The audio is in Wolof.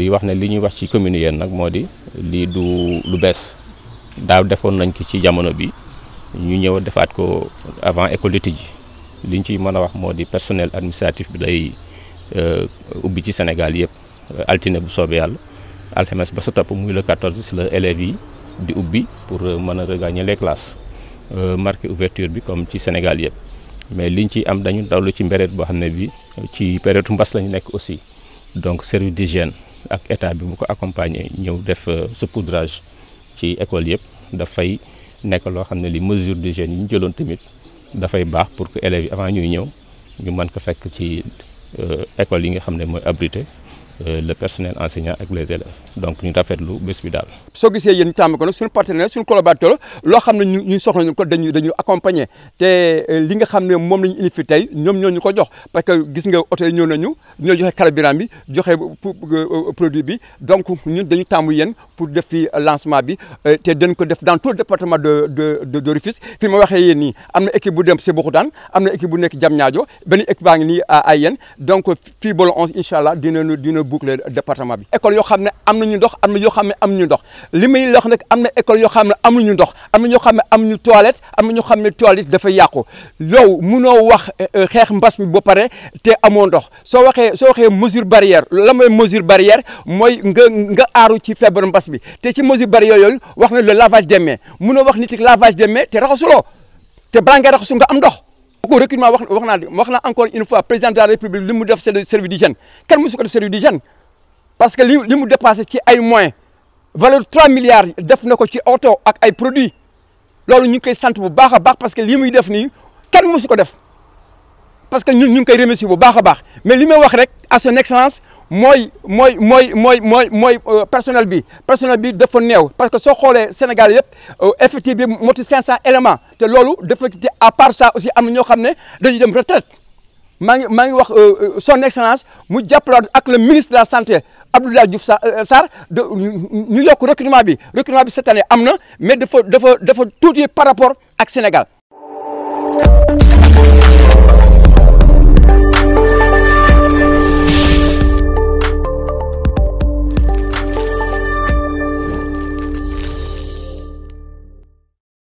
di wax na li ñuy wax ci commune yéen nag moo di lii du lu bees daaw defoon nañ ko ci jamono bi ñu ñëw defaat ko avant école d'étude ji li ñu ciy mën a wax moo di personnel administratif bi day euh, ubbi ci Sénégal yëpp altine bu soobee yàlla alxames ba sa topp muy le 14 si la élèves yi di ubbi pour euh, mën a regagner les classes euh, marqué ouverture bi comme ci Sénégal yëpp mais liñ ci am dañu dawlu ci mbéret boo xam ne bi ci période mbas la ñu nekk aussi donc service d'hygiène ak état bi mu ko accompagner ñëw def euh, saupoudrage ci école yëpp dafay nekk loo xam ne li mesure d'hygiène yi ñu jëloon tamit dafay baax pour que élèves yi avant ñuy ñëw ñu man ko fekk ci euh, école yi nga xam ne mooy abrité Euh, le personnel enseignant ak les élèves donc ñu rafetlu bés bi dal. So gisee yeen tam ko nag suñu partenaire suñu collaborateur lo xam ne ñu ñu soxla ñu ko dañu dañu accompagner té euh, li nga xamné mom lañu la tay ñom fi ñoo ñu ko jox parce que gis nga auto yi ñëw nañu ñoo joxe carburant bi joxe euh, produit bi donc ñun dañu tàmmu yeen pour def fi lancement bi té dañ ko def dans tout le département de de de de fi ma waxé yeen ni amna équipe bu dem Sébikotane am amna équipe bu nekk Diamniadio benn équipe baa ngi nii à Ayen donc fi ba le 11 incha allah dinañu dina boucler département bi école yo xamné amna ñu nañu ndox am na am ñu ndox limay wax nag école yo xam ne amuñu am na ñoo xam ne toilette am na ñoo toilette dafa yaqku yow mëno wax eh, eh, xeex mbass mi bo paré te amo ndox so waxé so waxé mesure barrière lamay mesure barrière moy nga nga aaru ci feebar mbass bi té ci mesure barrière yooyu wax na le lavage des mains mëno wax nitik lavage des mains te raxasuloo te balaa nga raxasu nga am ndox je recrutement encore une fois président de la république service service parce que ce dépassé ci valeur 3 milliards def nako ci ak ay produits ñu parce que limu def parce que ñun ñu koy remercier bu mais limay wax à son excellence moi moi moi moi moi moi euh, personnel bi personnel bi dafa néew parce que soo xoolee Sénégal yëpp euh, effectif bi moti 500 éléments te lolo dafa à part ça aussi am na ñoo xam ne dem retraite maa ngi wax euh, son excellence mu jàppalaat ak le ministre de la santé Abdoulaye Diouf Sar, de ñu yokk recrutement bi recrutement bi cette année am de mais de dafa dafa tuuti par rapport ak Sénégal.